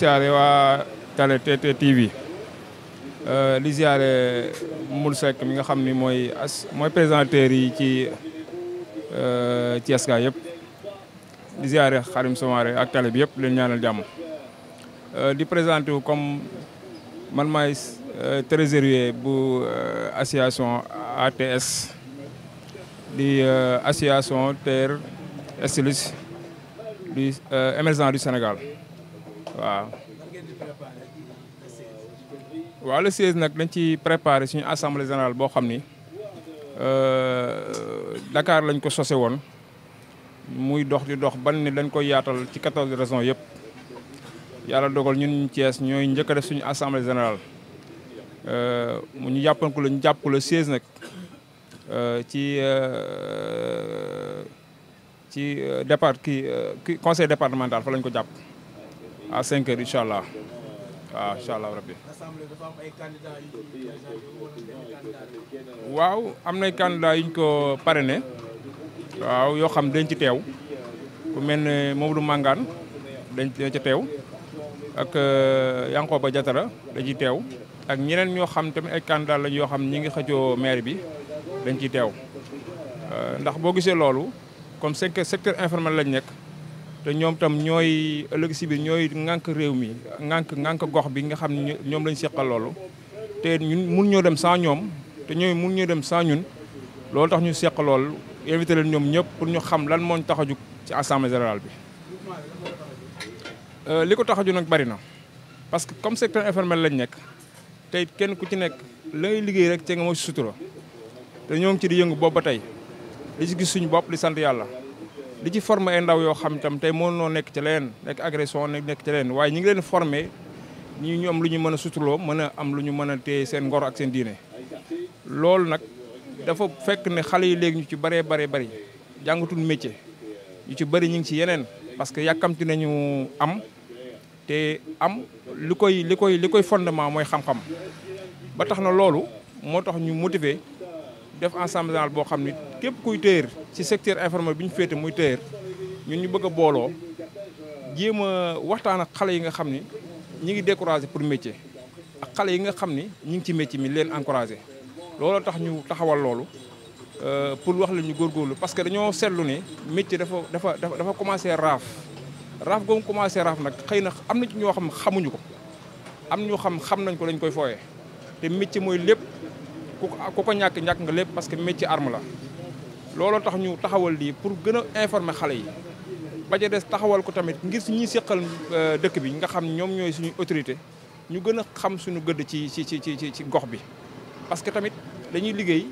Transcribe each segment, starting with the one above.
siyaare waa télé TT TV li euh, siyaare Moul Seck mi nga xam ni mooy as mooy présentateur yi ci Thiès euh, ga yëpp di siyaare Xarim Soumaré ak télé bi yëpp leen ñaanal jàmm euh, di présenté wu comme man maay trésorier bu association ATS di association terre estilis du émergent du Sénégal waaw waaw le 16 nag dañ ci préparé suñu assemblée générale boo xam ni euh, Dakar lañ ko sose woon muy dox di dox ban ni dañ koy yaatal ci 14 régions yëpp yàlla dogal ñun Thiès ñooy njëkk def suñu assemblée générale euh, mu ñu jàppoon ko la ñu jàpp ko le 16 nag euh, ci ci départ kii conseil départemental fa lañ ko jàpp a 5 heures incha allah waaw ah, incha allah waaw am na candidats yu ñu ko ne waaw yoo xam dañ ci teew ku mel ne Mamadou Mangane dañ ci teew ak euh, Yankoba Diatara dañ ci teew ak ñeneen ñoo xam tamit ay candidats lañ yoo xam ñi ngi xëccoo maire bi dañ ciy teew euh, ndax boo gisee loolu comme secteur secteur lañ nekk. te ñoom tam ñooy ëllëg si ñooy ŋànk réew mi ŋànk ŋànk gox bi nga xam ne ñoom lañ seqal loolu te ñun mun ñoo dem sans ñoom te mun ñoo dem sans ñun loolu tax ñu seq loolu invité leen ñoom ñëpp pour ñu xam lan moo ñu tax a jug ci assemblée générale bi. Euh, li ko taxaju nag bari na parce que comme secteur informel lañ nekk tey kenn ku ci nekk la liggéey rek te nga moo si sutura te ñoo ci di yëngu boobu ba tey li si gis suñu bopp di sant yàlla. di ci former ay ndaw yoo xam itam tey mën noo nekk ci leen nekk agression nekk ci leen waaye ñi ngi leen former ñu am lu ñu mën a suturloo mën a am lu ñu mën a téye seen ak seen diine loolu nag dafa fekk ne xale yi léegi ñu ci bëree bëree bëri jàngatul métier ñu ci bëri ñu ngi ci yeneen parce que yàkkamti nañu am te am li koy li koy li koy fondement mooy xam-xam ba tax na loolu moo tax ñu motiver def ensemble daal boo xam ni képp kuy téyër ci secteur informel bi ñu féete muy téyër ñu ñu bëgg a booloo jéem a waxtaan ak xale yi nga xam ni ñi ngi découragé pour métier ak xale yi nga xam ni ñi ngi ci métier mi leen encouragé looloo tax ñu taxawal loolu euh, pour wax la ñu góorgóorlu parce que dañoo seetlu ni métier dafa dafa dafa commencé raaf raaf googu commencé raaf nag xëy na am na ci ñoo xam xamuñu ko am ñoo xam xam nañ ko dañ koy fooyee te métier mooy lépp ku ko ñàkk ñàkk nga lépp parce que métier arme la looloo tax ñu taxawal lii pour gën a informer xale yi ba ca des taxawal ko tamit ngir suñuy seqal euh, dëkk bi nga xam ñoom ñooy suñu autorité ñu gën a xam suñu gëdd ci ci ci ci ci gox bi. parce que tamit dañuy liggéey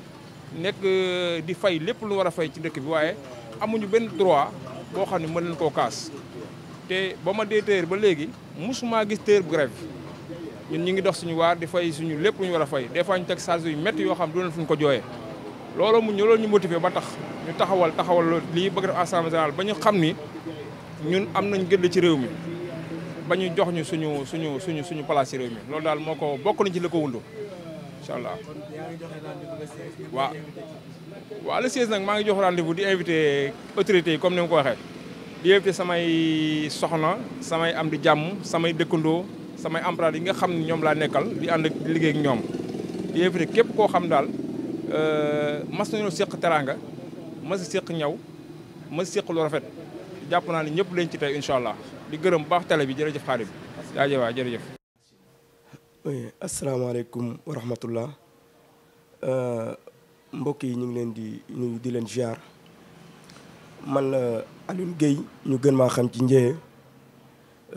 nekk euh, di fay lépp lu war a fay ci dëkk bi waaye amuñu benn droit boo xam ne mën leen koo kaas te ba ma dee téer ba léegi musuma gis téer bu grève ñun ñu ngi dox suñu waar di fay suñu lépp lu ñu war a fay des ñu teg charge yu métti yoo xam du leen fu ñu ko jooyee. looloo mu ñu loolu ñu motivé ba tax ñu taxawal taxawal loolu lii bëgg def assemblée générale ba ñu xam ni ñun am nañ gëdd ci réew mi ba ñu jox ñu suñu suñu suñu suñu place ci réew mi loolu daal moo ko bokk nañ ci la ko wundu incha allah waaw waaw le 16 maa ngi jox rendez di invité autorités yi comme ni ma ko waxee di invité samay soxna samay am di jàmm samay dëkkandoo samay emprunté yi nga xam ne ñoom laa nekkal di ànd ak liggéey ñoom di invité képp koo xam daal Euh, mas nañoo séq teraanga mas séq ñaw mas séq rafet jàpp naa ne ñëpp lañ ci tey incha allah di gërëm baax télé bi jërëjëf xaadim jaajëf waay jërëjëf asalaamaaleykum wa rahmatullah euh, mbokk yi ñu ngi leen di nuyu di leen ziar man la Alioune Guèye ñu gën maa xam ci njëye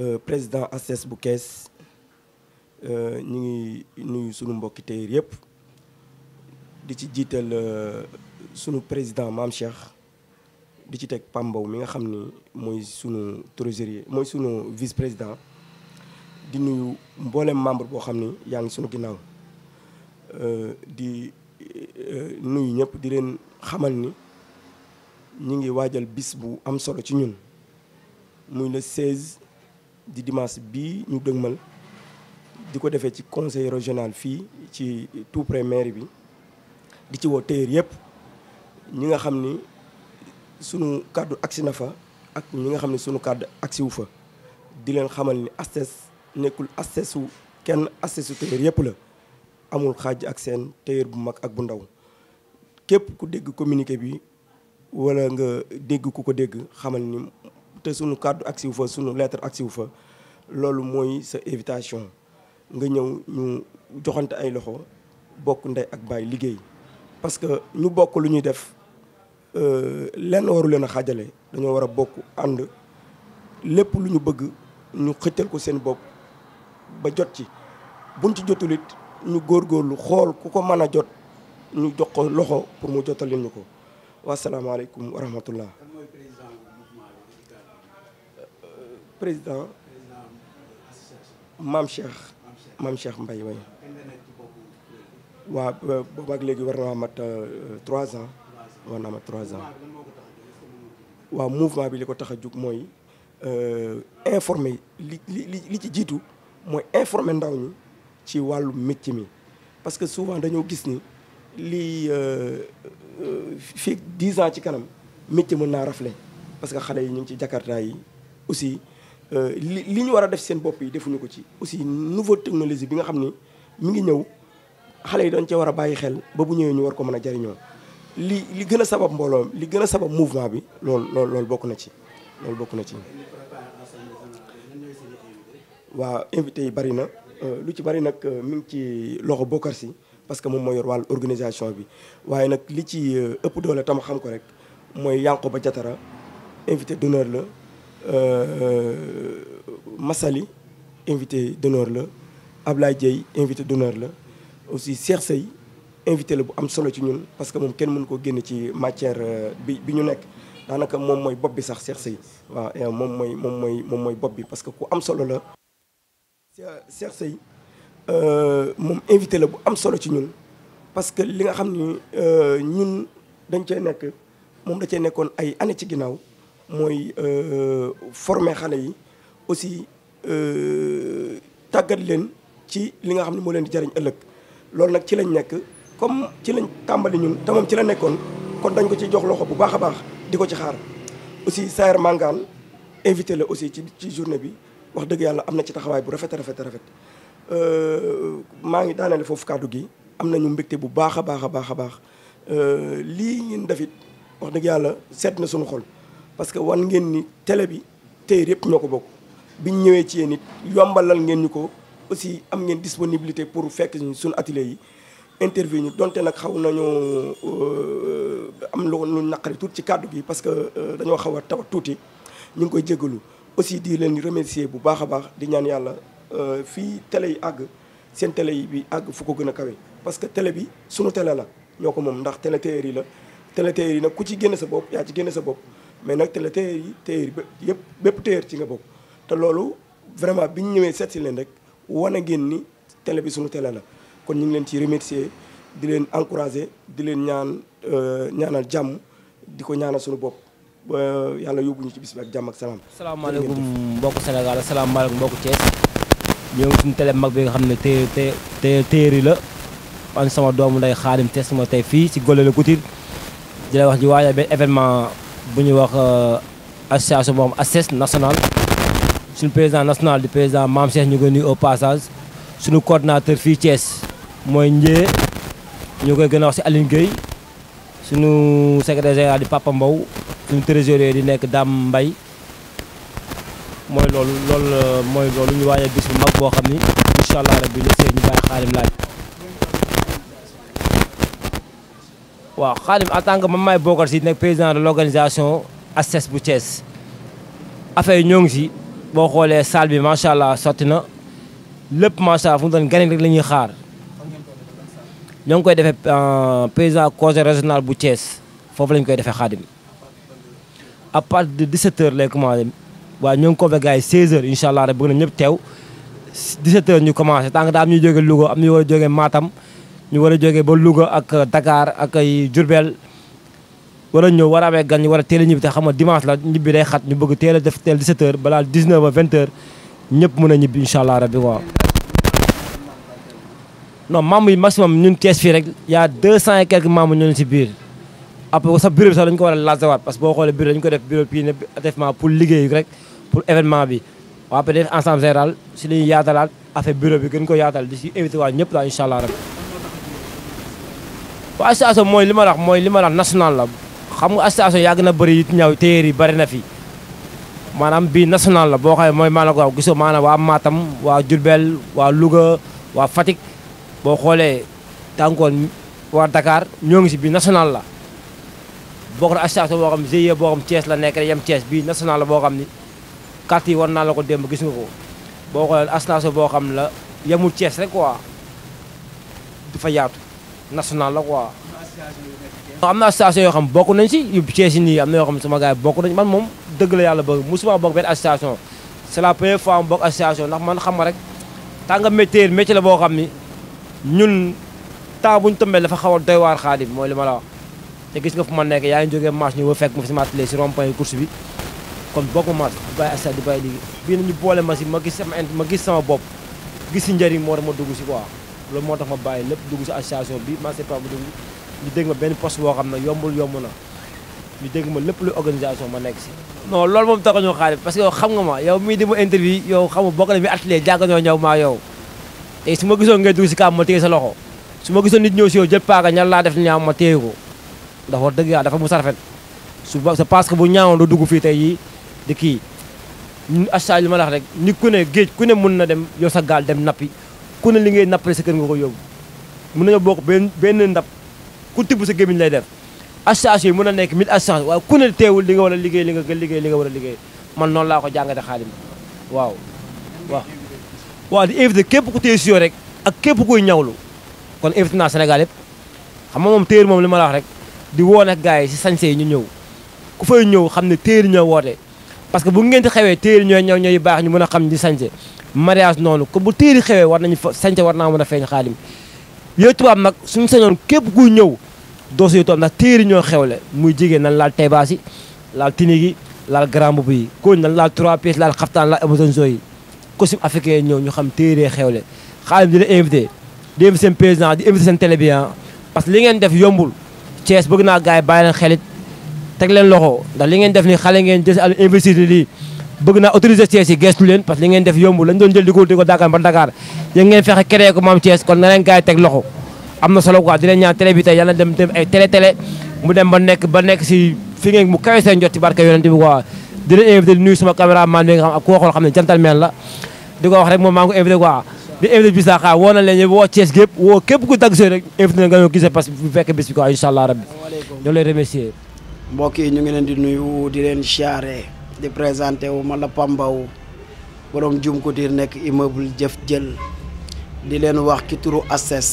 euh, président ACS e bu kees ñu ngi nuyu sunu mbokki téer yëpp di ci jiital euh, sunu président maam Cheikh di ci teg Pambaw mi nga xam ni mooy sunu trésorier mooy sunu vice président di nuyu mboolem membre boo xam ni yaa ngi sunu ginnaaw euh, di euh, nuyu ñëpp di leen xamal ni ñu ngi waajal bis bu am solo ci ñun muy le 16 di dimanche bii ñu dëgmal di ko defee ci conseil régional fii ci tout près mairie bi. di ci woo téyër yëpp ñi nga xam ni sunu kàddu agsi na fa ak ñi nga xam ni sunu kàddu agsi fa di leen xamal ni astes nekkul astesu kenn astesu téyër yëpp la amul xaaj ak seen téyër bu mag ak bu ndaw képp ku dégg communiqué bi wala nga dégg ku ko dégg xamal ni te sunu kàddu agsi wu fa sunu lettre agsi wu fa loolu mooy sa invitation nga ñëw ñu joxante ay loxo bokk ndey ak baay liggéey parce que ñu bokk lu ñuy def euh, lenn waru leen a xaajale dañoo war a bokk ànd lépp lu ñu bëgg ñu xëccal ko seen bopp ba jot ci buñ ci jotulit ñu góor góorgóorlu xool ku ko mën a jot ñu jox ko loxo pour mu jotalin ñu ko wasalaamaaleykum wa rahmatullah président euh, mam Cheikh mam Cheikh mbay way waaw boobaak léegi war naa mat euh, trois ans war naa mat trois ans waaw mouvement bi li ko tax a jug mooy euh, informer li li li ci jiitu mooy informer ndaw ñi ci wàllu métier mi parce que souvent dañoo gis ni lii euh, fii dix ans ci kanam métier mën naa rafle parce que xale yi ñu ngi ci jakarta yi aussi li li ñu war a def seen bopp yi defuñu ko ci aussi nouvelle technologie bi nga xam ni mi ngi ñëw xale yi dañ cee war a bàyyi xel ba bu ñëwee ñu war ko mën a jariñoo li li gën a sabab mbooloo li gën a sabab mouvement bi loolu loolu loolu bokk na ci loolu bokk na ci waaw invité yi bari na euh, lu ci bari nag euh, mi ci loxo bokkar si parce que moom moo yor wàllu organisation bi waaye nag li ci euh, ëpp doole tam xam ko rek mooy Yankoba Diatara invité d'honneur la Massaly invité d'honneur la Ablaye Dieye invité d'honneur la aussi Cheikh Seye invité la bu am solo ci ñun parce que moom kenn mënu koo génn ci matière euh, bi bi ñu nekk daanaka moom mooy bopp bi sax Cheikh Seye waaw moom mooy moom mooy moom mooy bopp bi parce que am solo la Cheikh Seye euh, moom invité bu am solo ci ñun parce que li nga xam ni euh, ñun dañ cee nekk moom da cee nekkoon ay année ci ginnaaw mooy former xale yi aussi tàggat leen ci li nga xam ne moo leen di jariñ ëllëg loolu nag ci lañ nekk comme ci lañ tàmbali ñun tamoom ci la nekkoon kon dañ ko ci jox loxo bu baax a baax di ko ci xaar aussi Saër Mangane invité la aussi ci ci journée bi wax dëgg yàlla am na ci taxawaay bu rafet rafet rafet euh, maa ngi daanale foofu kàddu gi am nañu mbégte bu baax a baax a baax a baax euh, lii ngeen def it wax dëgg yàlla seet na suñu xol parce que wan ngeen ni télé bi tey yëpp ñoo ko bokk biñ ñëwee ci yéen it yombalal ngeen ñu ko aussi am ngeen disponibilité pour fekk suñu atelier yi intervenir donte nag xaw nañoo euh, am lu ñu naqari tuuti ci kàddu gi parce que euh, dañoo xaw a tawat tuuti ñu ngi koy jégalu aussi di leen remercier bu baax a baax di ñaan yàlla euh, fii télé yi àgg seen télé yi bi àgg fu ko gën a kawe parce que télé bi suñu télé la ñoo ko moom ndax tele téer yi la télé téer yi nag ku ci génn sa bopp yaa ci génn sa bopp mais nag télé téer yi téer yëpp bépp téer ci nga bopp te loolu vraiment bi ñu ñëwee seet si leen rek wane ngeen ni télé bi suñu télé la kon ñu ngi leen ci remercier di leen encourager di leen ñaan euh, ñaanal jàmm di ko ñaanal suñu bopp ba yàlla yóbbu ñu ci bis bi ak jàmm ak salaam. salaamaaleykum mbokku Sénégal salaamaaleykum mbokku Thiès ñoo ngi suñu mag bi nga xam ne té té téeri la man sama doomu nday Xaadim Thiès ma tey fii si Golé la Couture wax ji waajal benn événement bu ñuy wax euh, association boo xam association national suñu président national du président Mame Cheikh ñu koy nuyu au passage suñu coordonnateur fii Thiès mooy Ndié ñu koy gën a wax si Aline Gueye suñu secrétaire général di Papa Mbow suñu trésorier di nekk Dame mbay mooy loolu loolu mooy loolu ñu waajal bis bu mag boo xam ni incha allah rabbi la see ñu bàyyi xaalim laaj waaw xaalim en tant que man maay bokkal si nekk président de l' organisation e bu cees affaire ñoo ngi si boo xoolee salle bi macha allah sotti na lépp macha allah fu mu doon gan rek la ñuy xaar ñoo ngi koy defee euh, président conseil régional bu cees foofu la koy defee xaadim à partir de 17h lay commencé waaye ñoo ngi ko gars yi 16h incha allah rek bëgg na ñëpp teew 17h ñu commencé tànk daal am ñuy jógee Louga am ñu war a jógee Matam ñu war a jógee ba Louga ak Dakar ak ay Diourbel war a ñëw war a amee gan ñu war a teel a ñibbi te xam nga dimanche la ñibbi day xat ñu bëgg teel a def teel 17h balaa 19h 20h ñëpp mën a ñibbi incha allah rabbi waaw. non membres yi maximum ñun kees fii rek y' a 200 et quelques membres ñu si biir après sax bureau bi ko war a lazawaat parce que boo xoolee bureau dañu ko def bureau bii ne effectivement pour liggéey rek pour événement bi. waaw après def si la ñuy yaatalaat affaire bureau bi gën ko yaatal di si invité waa ñëpp daal incha allah mooy li ma wax mooy li ma wax national la. xam nga station yàgg na bëri it ñaw téer yi bëri na fi maanaam bii national la boo xoolee mooy maanaam waaw gisoo maanaam waa maatam waa Diourbel waa luga waa fatik boo xoolee tànkoon waa Dakar ñoo ngi si bii national la bokk boo xam GIE boo xam Thiès la nekk yem Thiès bii national la boo xam ni carte yi war naa la ko démb gis nga ko boo xoolee station boo xam la yemul Thiès rek quoi dafa yaatu national la quoi. am na association yoo xam bokk nañ si yu Thiès nii am na yoo xam sama gars yi bokk nañ man moom dëgg la yàlla bëgg musuma bokk benn association c'est la première fois ma bokk association ndax man xam nga rek tànga métier métier la boo xam ni ñun taa bu ñu tombee dafa xaw a doy waar xaadim mooy li ma la wax te gis nga fu ma nekk yaa ngi jógee marche ñu fekk ma fi sama atelier si rond point course bi kon bokk ma marche di bàyyi association boole ma ma gis sama int ma gis sama bopp gis si njëriñ moo dama dugg si quoi loolu moo tax ma bàyyi lépp dugg si association bi ma c'est pas dugg ñu dégg ma benn poste boo xam ne yombul yomb na ñu dégg ma lépp luy organisation ma nekk si non loolu moom tax ñoo xaar parce que yow xam nga ma yow mii di ma interview yow xam nga bokk na maa yow su ma gisoon ngay dugg si kaam ma téye sa su ma gisoon nit ñëw si yow jël paaka ñan laa def ñaaw ma téye ko dafa dëgg yàlla dafa mu sarafet su c'est parce que bu ñaawoon du dugg fii tey yi di kii ñun association ma la rek nit ku ne géej ku ne mën na dem yow sa gaal dem nappi ku ne li ngay nappale sa kër nga ko yóbbu mën nañoo bokk benn benn ndab ku tibb sa gémmiñ lay def assistance yi mën a nekk mille assistance waaye ku ne teewul li nga war a liggéey li nga gën liggéey li nga war a liggéey man noonu laa ko jàngate xaalim waaw waaw waaw di invité képp ku téye sio rek ak képp kuy ñawlu kon invité naa Sénégal xam nga moom téer moom li ma la wax rek di woon ak gars yi si sañse yi ñu ñëw ku fay ñëw xam ne téer ñoo woote parce que b ngeen di xewee téer ñooy ñëw ñooy baax ñu mën a xam di sañse mariage noonu ko bu téeri xewee war nañu fa sañca war naa mën a feeñ xaalim yooyu tubaab nag suñu sañoon képp ku ñëw doo yu tubaab ndax téeri ñoo xewle muy jigéen nan laal taybaas yi laal tini gi laal grand boubou yi góor nan laal trois pièces laal xaftaan laal amazonzo yi costume africain ñëw ñu xam téeree xewle xaalim di la invité di invité seen président di invité seen télé bi ah, parce que li ngeen def yombul Thiès bëgg naa gars yi bàyyi leen xelit teg leen loxo ndax li ngeen def ni xale ngeen jël àll investir bëgg naa autoriser Thiès yi geestu leen parce que li ngeen def yomb lañ doon jël di ko di ba Dakar yéen fexe créé ko moom kon na leen gars teg loxo am na solo quoi di leen ñaan télé bi tey yàlla mu dem ba nekk ba nekk si fi ngeen mu kawe seen jot ci barke yonent bi quoi di leen invité di nuyu sama caméraman bi nga xam ak koo xool xam ne gentleman la di ko wax rek moom maa ngi ko invité quoi di invité bis laa xaar woo leen woo Thiès gépp képp ku dag sooy rek fekk bis bi quoi ngi leen di nuyu di leen siyaare di présenté wu ma la pambaw borom jum couture nekk immeuble jëf jël di leen wax ci turu ACES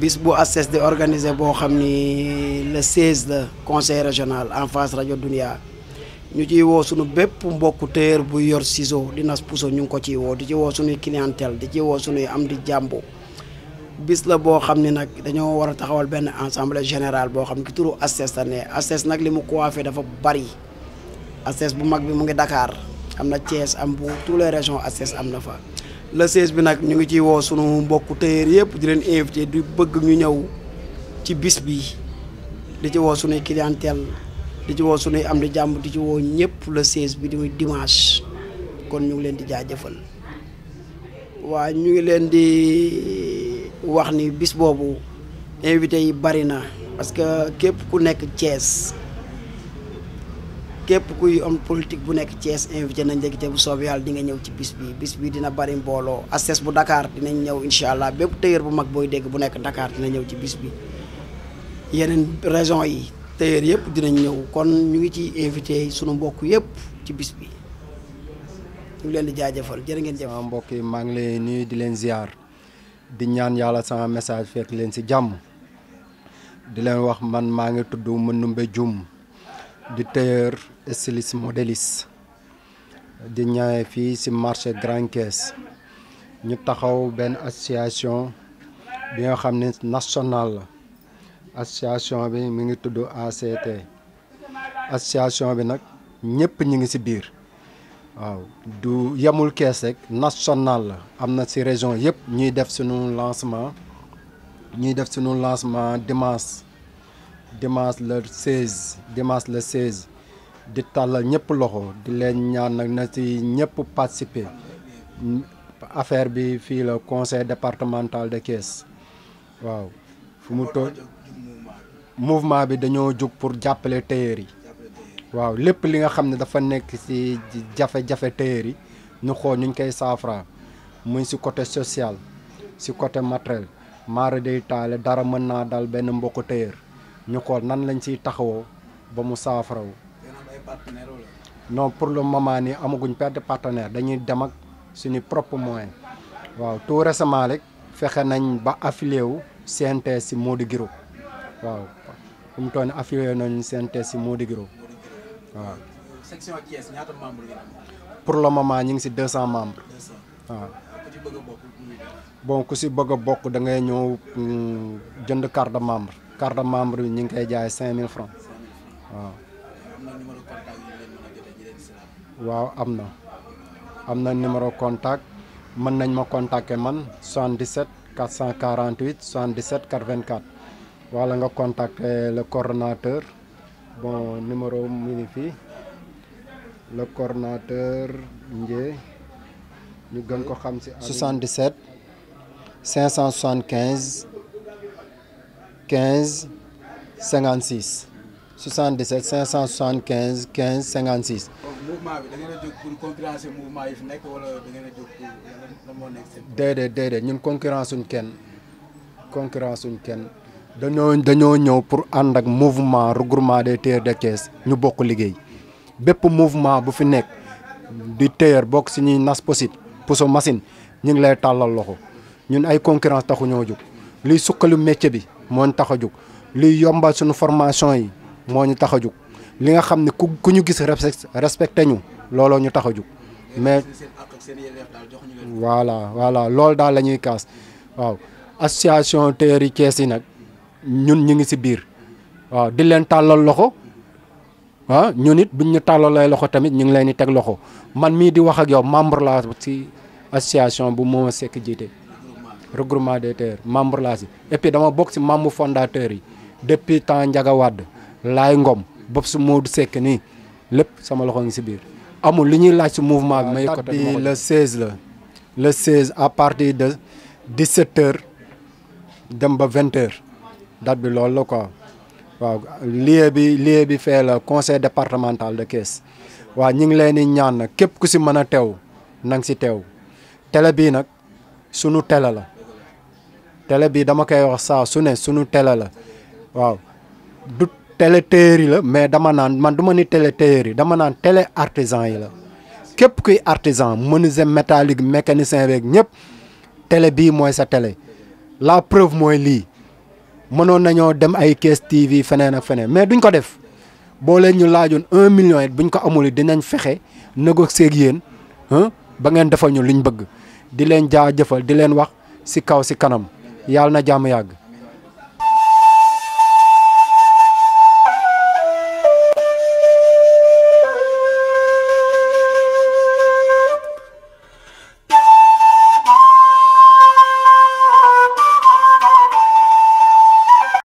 bis bu ACES di organiser boo xam ni le 16 la conseil régional en face rajo Dunia ñu ciy woo sunu bépp mbokku téer bu yor ciseau di nas puso ñu ngi ko ciy woo di ci woo suñuy clientèle di ci woo suñuy am di jàmbu bis la boo xam ni nag dañoo war a taxawal benn assemblée général boo xam ne ki turu ACES la ne ACES nag li mu coiffé dafa bari ACS bu mag bi mu ngi dakaar am na Thiès am bu toutes les régions ACS am na fa le 16 bi nag ñu ngi ciy woo sunu mbokku tailleur yëpp di leen invité di bëgg ñu ñëw ci bis bi di ci woo sunuy clientèle di ci woo sunuy am di jàmm di ci woo ñëpp la 16 bi di muy dimanche kon ñu ngi leen di jaajëfal waa ñu ngi leen di wax ni bis boobu invité yi bari na parce que képp ku nekk Thiès képp kuy homme politique bu nekk Thiès invité nañ léegi te bu soobee nga ñëw ci bis bi bis bi dina bari mbooloo asses bu Dakar dinañ ñëw incha allah bépp tailleur bu mag booy dégg bu nekk Dakar dina ñëw ci bis bi yeneen raison yi tailleur yëpp dinañ ñëw kon ñu ngi ci invité sunu mbokk yëpp ci bis bi ñu leen di jaajëfal jërë ngeen jëf mbokk yi maa ngi lay nuyu di leen ziar di ñaan yàlla sama message fekk leen si jàmm di leen wax man maa ngi tudd Manoumbe Dioum di tailleur styliste modéliste di ñaawee fii ci marché Grand Thiès ñu taxaw benn association bi nga xam ne nationale la association bi mi ngi tudd ACT association bi nag ñëpp ñu ngi ci biir waaw du yemul kees rek la am na ci région yëpp ñuy def sunu lancement ñuy def sunu lancement dimanche dimanche le 16 la le di tàllal ñëpp loxo di leen ñaan nag na ci ñëpp participer affaire bi fii la conseil départemental de Thiès waaw fu mu toll mouvement bi dañoo jug pour jàppale tailleur yi waaw lépp li nga xam ne dafa nekk ci jafe-jafe tailleur yi ñu xool ñu ngi koy saafara muy ci côté sociale ci côté matériel maara day taale dara mën naa dal benn mbokku tailleur ñu xool nan lañ ciy taxawoo ba mu saafaraw partenaire wala. pour le moment nii amaguñ perte partenaire dañuy demak suñu propre moyen waaw tout récemment rek fexe nañ ba affilié wu CNTS si Modou Giro waaw fu mu toll nii affilié si Modou Giro waaw. pour le moment ñu ngi si 200 membres. 200 waaw. Ah, ku ci bëgg bokk bon si bëgg bokk da ngay ñëw mm, jënd carte de membre. carte membre bi ñu ngi koy cinq mille francs waaw. waaw am na am na numéro contact mën nañ ma contacter man 77 448 wala nga contacter le coordonnateur bon numéro mu ngi fii le coordonnateur ñu gën ko xam si. 77 575 15 56. 77 575 15 56. mouvement bi da ngeen a jóg pour ñun concurrence suñ kenn concurrence suñ kenn dañoo dañoo ñëw pour ànd ak mouvement regroupement des tailleurs de Thiès ñu bokk liggéey bépp mouvement bu fi nekk di tailleur bokk si ñuy nas posit puso machine ñu ngi lay tàllal loxo ñun ay concurrence taxu ñoo jóg. liy sukkalu métier bi moo ñu tax a jóg liy yombal suñu formation yi. moo ñu tax a jóg li nga xam ne ku ku ñu gis respecté ñu looloo ñu tax a jug mais voilà voilà loolu daal lañuy kaas waaw association tailleurs yi Thiès yi nag ñun ñu ngi si biir waaw di leen tàllal loxo ah ñun it buñ ñu tàllalee loxo tamit ñu ngi leen di teg loxo man mii di wax ak yow membre laa si association bu moom a sekk jiite regroupement des tailleurs membre laa si et puis dama bokk si membre fondateur yi depuis temps Ndiaga wàdd laay ngom bopp moo Modou Seck nii lépp sama loxo ngi si biir amul li ñuy laaj si mouvement bi. ma yëg ko bi le 16 la le 16 à partir de di h dem ba 20h date bi loolu la quoi waaw lieu bi lieu bi fee la conseil départemental de Thiès waaw ñu ngi leen di ñaan nag képp ku si mën a teew na si teew tele bii nag sunu télé la tele bii dama koy wax saa su ne sunu télé la waaw tele tailleur yi la mais dama naan man du ma ni télé tailleur yi dama naan télé artisan yi la képp kuy artisan menuisier métallique mécanicien beeg ñëpp tele bii mooy sa télé la preuve mooy lii mënoon nañoo dem ay kees TV feneen ak feneen mais duñ ko def boo leen ñu laajoon un million it buñ ko amul dinañ fexe négocier ak yéen ba ngeen defal ñu liñ bëgg di leen jaajëfal di leen wax ci kaw ci kanam yal na jàmm yàgg.